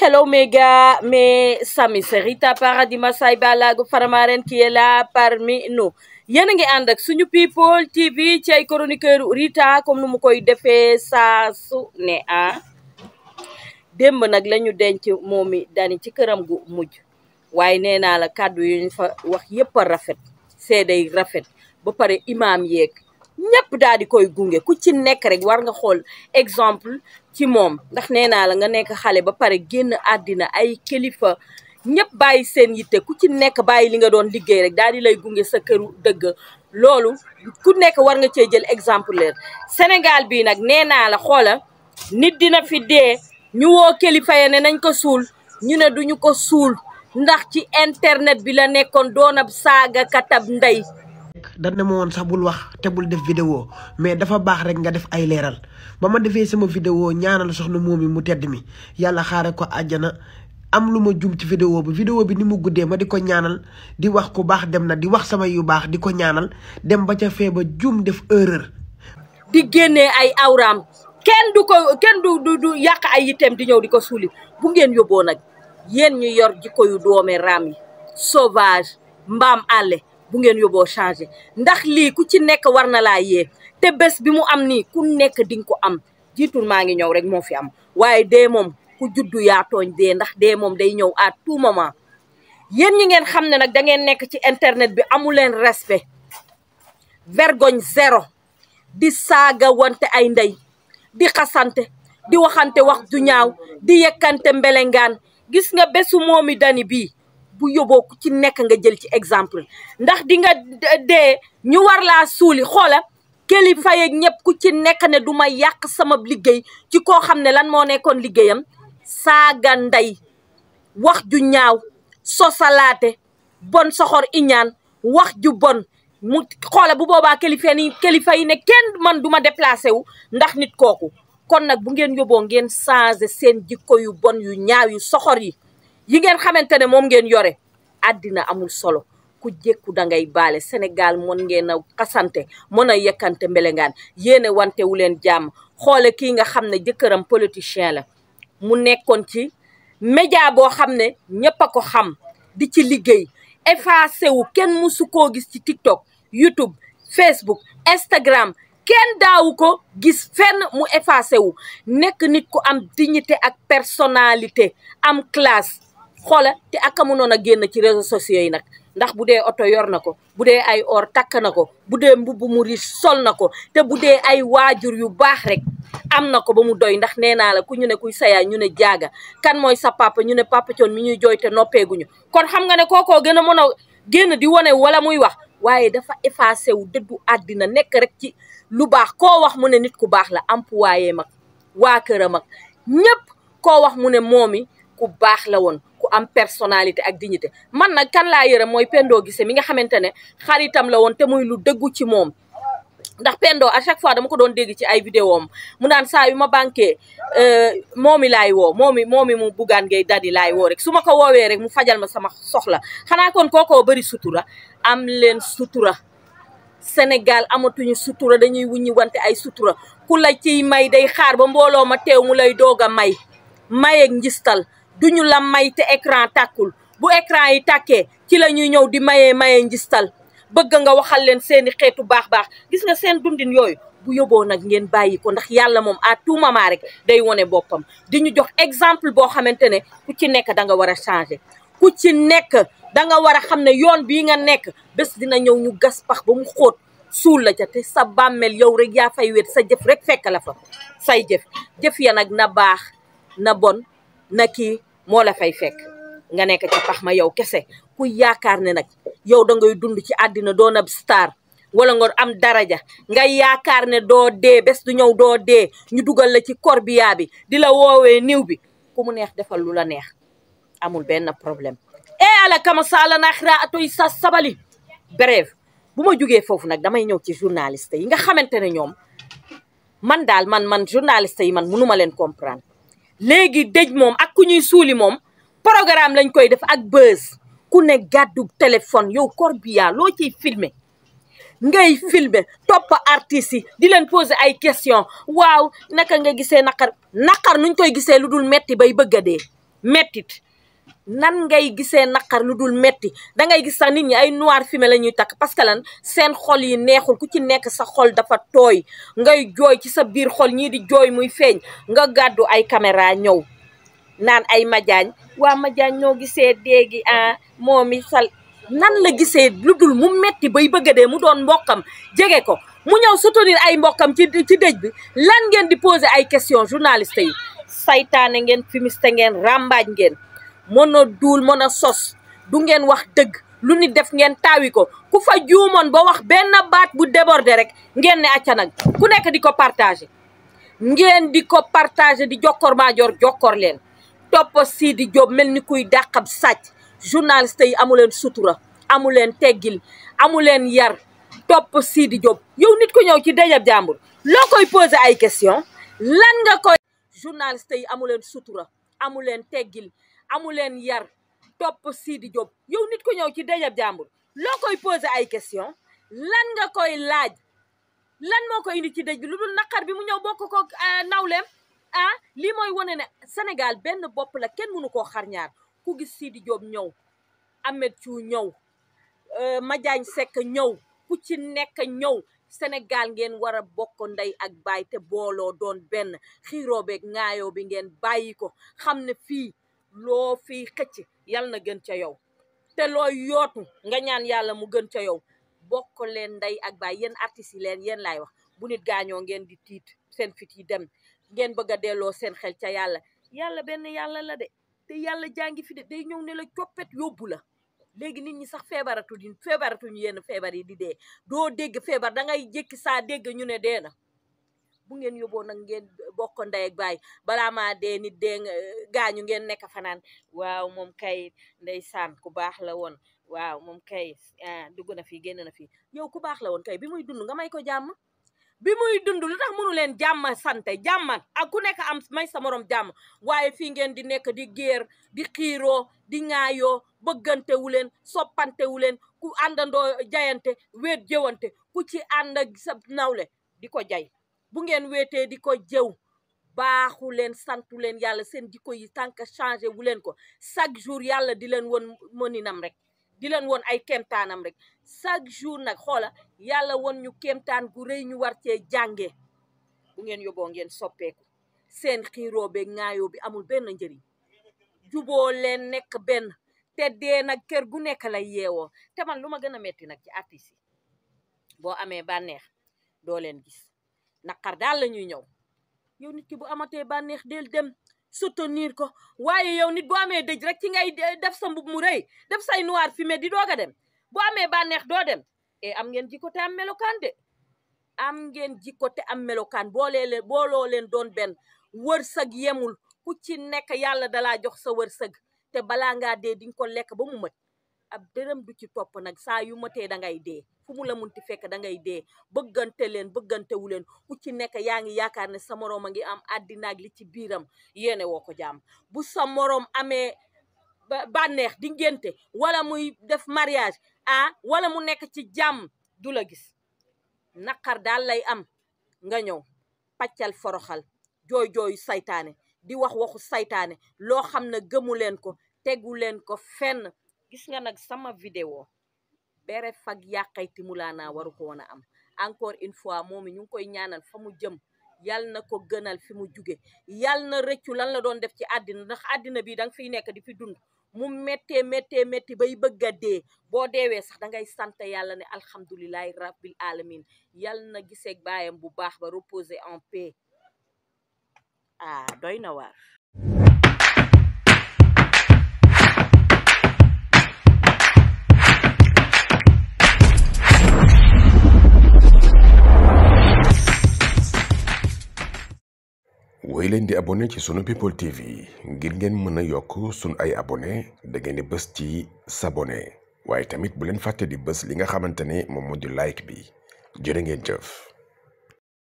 hello mega mais sami serita paradis masay balago faramaren qui est là parmi nous yéen a ngi ànd ak suñu people tv ci ay chroniqueur Rita kom nu mu koy defee saa su ne ah démb nag la denc moomi dani ci këram gu mujj waaye nee naa la kàddu yu fa wax yépp a rafet seeday rafet ba pare imaam yeeg ñëpp daal di koy gunge ku ci nekk rek war nga xool exemple ci moom ndax nee naa la nga nekk xale ba pare génn àddina ay kilifa ñëpp bàyyi seen yitte ku ci nekk bàyyi li nga doon liggéey rek daal di lay gunge sa këru dëgg loolu ku nekk war nga cee jël exemple leer Sénégal bii nag nee naa la xoola nit dina fi dee ñu woo kilifa ya ne nañ ko suul ñu ne duñu ko suul ndax ci internet bi la nekkoon doonab saagakat ab nday dañ ne ma woon sax bul wax te bul def vidéo mais dafa baax rek nga def ay leeral ba ma defee sama vidéo ñaanal soxna moom yi mu tedd mi yàlla xaare ko àjjana am lu ma juum ci vidéo bi video bi ni mu guddee ma di ko ñaanal di wax ku baax dem na di wax sama yu baax di ko ñaanal dem ba ca fee ba def erreur. di génnee ay awraam kenn du ko kenn du yàq ay yitteem di ñëw di ko suuli bu ngeen yóbboo nag yéen ñu yor jikko yu doome raam yi sauvage mbaam àlle bu ngeen yóbboo changé ndax lii ku ci nekk war na laa yee te bés bi mu am ni ku nekk di nga ko am jiitul maa ngi ñëw rek moo fi am waaye dee moom ku juddu yaa tooñ dee ndax dee moom day ñëw à tout moment yéen ñi ngeen xam ne nag da ngeen nekk ci internet bi amu leen respect vergogne zéro di saaga wante ay ndey di xasante di waxante wax du ñaaw di yekkante mbelengaan gis nga bésu moomi dani bii bu yóbboo ku ci nekk nga jël ci exemple ndax di nga dee ñu war laa suuli xoola kilifa yeeg ñëpp ku ci nekk ne du ma yàq sama liggéey ci koo xam ne lan moo nekkoon liggéeyam saaga ndey wax ju ñaaw sosalaate bon soxor iñaan wax ju bon mu xoola bu boobaa kilifa ni kilifa yi ne kenn man du ma déplacé wu ndax nit kooku kon nag bu ngeen yóbboo ngeen changé seen jikko yu bon yu ñaaw yu soxor yi yi ngeen xamante ne moom ngeen yore addina amul solo ku jékku da ngay baale Sénégal moon ngeen a xasante mën a yekkante mbelengaan yéene wante wu leen jàmm xoole kii nga xam ne jëkkëram politicien la mu nekkoon ci média boo xam ne ñëpp a ko xam di ci liggéey effacé wu kenn musu koo gis ci TikTok YouTube Facebook Instagram kenn daawu ko gis fenn mu effacé wu nekk nit ku am dignité ak personnalité am classe xoola te ak a mënoon a génn ci réseaux sociaux yi nag ndax bu dee oto yor na ko bu dee ay or takk na ko bu dee mbubb mu riche sol na ko te bu dee ay waajur yu baax rek am na ko ba mu doy ndax nee naa la ku ñu ne kuy sayaa ñu ne jaaga kan mooy sa papa ñu ne papa coon mi ñuy jooy te noppeeguñu kon xam nga ne kookoo gën a mën a génn di wane wala muy wax waaye dafa effacé wu dëddu àddina nekk rek ci lu baax koo wax mu ne nit ku baax la employé mag waa këram ak ñépp koo wax mu ne moomi ku baax la woon ku am personnalité ak dignité man nag kan laa yërëm mooy Pendo Guissé mi nga xamante ne xaritam la woon te muy lu dëggu ci moom ndax Pendo à chaque fois dama ko doon dégg ci ay vidéo am mu naan saa yu ma banqué euh, moomi laay woo moomi moomi mu buggaan ngay dadi laay woo rek su ko woowee rek mu fajal ma sama soxla xanaa kon kookoo bëri sutura am leen sutura Sénégal amatuñu sutura dañuy wuññi wante ay sutura ku la ciy may day xaar ba mbooloo ma teew mu lay doog a may mayeeg njistal duñu la may te écran tàkkul bu écran yi takkee ci la ñuy ñëw di mayee mayee njistal bëgg nga waxal leen seeni xeetu baax baax gis nga seen dundin yooyu bu yóbboo nag ngeen bàyyi ndax yàlla moom à tout moment rek day wone boppam di ñu jox exemple boo xamante ne ku ci nekk da nga war a changer ku ci nekk da nga war a xam ne yoon bii nga nekk bés dina ñëw ñu gas pax ba mu xóot suul la ca te sa bàmmeel yow rek yaa fay wéet sa jëf rek fekk la fa say jëf jëf ya nag na baax moo la fay fekk nga nekk ci ma yow kese ku yaakaar ne nag yow da ngay dund ci àddina doon ab wala nga am daraja ngay yaakaar ne doo dee bés du ñëw doo dee ñu dugal la ci corbillard bi di la woowee niw bi ku mu neex defal lu la neex amul benn problème e ala kama sala naaxira atoy sa sabali bref bu ma jugee foofu nag damay ñëw ci journaliste yi nga xamante ne ñoom man daal man man journaliste yi man mënuma leen comprendre léegi dëj moom ak ku ñuy suuli moom programme lañ koy def ak bës ku ne gàddu téléphone yow corbillard loo ci filmer ngay filmer topp artistes yi di leen poser ay question waaw naka nga gisee naqar naqar nuñ koy gisee lu dul metti bay bëgg a dee mettit nan ngay gisee naqar lu dul metti da ngay gis sax nit ñi ay noir fumé la ñuy takk parce que lan seen xol yi neexul ku ci nekk sa xol dafa tooy ngay jooy ci sa biir xol ñii di jooy muy feeñ nga gàddu ay caméra ñëw naan ay majaañ waa majaañ ñoo gisee déegi ah moom i sal nan la gisee lu dul mu metti bay bëgg a dee mu doon mbokkam jege ko mu ñëw soutenir ay mbokkam ci ci dëj bi lan ngeen di poser ay questions journalistes yi saytaane ngeen fumiste ngeen ràmbaaj ngeen mën a duul mën a sos du ngeen wax dëgg lu ni def ngeen taawi ko ku fa juumoon ba wax benn baat bu débordé rek ngeen ne acca nag ku nekk di ko partagé ngeen di ko partagé di jokkoor maajoor jokkoor leen topp sii di mel ni kuy dàqab sàcc journaliste yi amu leen sutura amu leen teggil amu leen yar topp sii di jóob yow nit ku ñëw ci dajab jàmbur loo koy posé ay question lan nga koy journaliste yi amu leen sutura amu leen teggil amuleen yar topp Sidi Diop yow nit ko ñëw ci dajab jàmbur loo koy posé ay question lan nga koy laaj lan moo ko indi ci dëj bi lu dul naqar bi mu ñëw bokk ko euh, nawleem ah lii mooy wane ne Sénégal benn bopp la kenn mënu koo xarñaar ku gis Sidi Diop ñëw Ahmed cu ñëw euh, Madiagne Seck ñëw ku ci nekk ñëw Sénégal ngeen war a bokk ndey ak baay te booloo doon benn xiiroo beeg ŋaayoo bi ngeen bàyyi ko xam ne fii loo fii xëcc yal na gën ca yow te loo yootu nga ñaan yàlla mu gën ca yow bokk leen ndey ak baay yéen artistes yi leen yéen laay wax bu nit gaañoo ngeen di tiit seen fit yi dem ngeen bëgg a delloo seen xel ca yàlla yàlla benn yàlla la de te yàlla jàngi fi de day ñëw ne la coppet yóbbu la léegi nit ñi sax feebaratu di feebaratuñu yenn feebar yi di dee doo dégg feebar da ngay jékki saa dégg ñu ne dee na bu ngeen yóbboo nag ngeen bokk ndey ak baay balaa maa dee nit dee gaañu ngeen nekk fanaan waaw moom kay ndeysaan ku baax la woon waaw moom kay ah, dugg na fii génn na fii yow ku baax la woon kay bi muy dund nga may ko jàmm bi muy dund lu tax mënu leen jàmm sante jàmmal aku ku nekk am may sa morom jàmm waaye fii ngeen di nekk di géer di xiiroo di ŋaayoo bëggantewu leen soppantewu leen ku àndandoo jayante weet jëwante ku ci ànd ak sa nawle di ko jay bu ngeen weetee di ko jëw baaxu leen santu leen yàlla seen jikko yi tànk changé wu leen ko chaque jour yàlla di leen woon mëninam rek di leen woon ay kéemtaanam rek chaque jour nag xoola yàlla woon ñu kéemtaan gu rëy ñu war cee jàngee bu ngeen yóbboo ngeen soppeeku seen xiiroo be ŋaayoo bi amul benn njëriñ juboo leen nekk benn te nag kër gu nekk lay yeewoo te man lu ma gën a metti nag ci artiste yi boo amee bànneex doo leen gis naqar daal la ñuy ñëw yow nit ki bu amatee bànneex del dem soutenir ko waaye yow nit bu amee dëj rek ci ngay def sa mbub mu rëy def sa say noir me di doog a dem boo amee bànneex doo dem e am ngeen jikko te am melokaan de am ngeen jikko te am melokaan boolee leen booloo leen doon benn sag yemul ku ci nekk yàlla dalaa jox sa wërsëg te balaa ngaa dee dinga ko lekk ba mu mët ab dërëm du ci topp nag saa yu matee da ngay dee fu mu la munti fekk da ngay dee bëggante leen bëggantewu leen ku ci nekk yaa ngi yaakaar ne sa moroom a ngi am àddinaag li ci biiram yéene woo ko jàmm bu sa moroom amee bànneex di ngénte wala muy def mariage ah wala mu nekk ci jàmm du la gis naqar daal lay am nga ñëw paccal foroxal jooy jooyu saytaane di wax waxu saytaane loo xam ne gëmu leen ko tegu leen ko fenn gis nga nag sama vidéo bere fag yàqay naa waru ko woon a am encore une fois moom i ñu ngi koy ñaanal fa mu jëm yal na ko gënal fi mu juge yal na rëccu lan la doon def ci àddina ndax àddina bi da fiy nekk di fi dund mu méttee méttee métti bay bëgg dee boo deewee sax dangay ngay sant yàlla ne alhamdulilahi rabbil alamin yal na giseeg baayam bu baax ba reposer en paix ah doy na waar leen di abonné ci sunu people tv ngir ngeen mën a yokk sunu ay abonné da ngeen di bës ci s'abonné waaye tamit bu leen fàtte di bës li nga xamante ne moom moo di like bi jërë ngeen jëf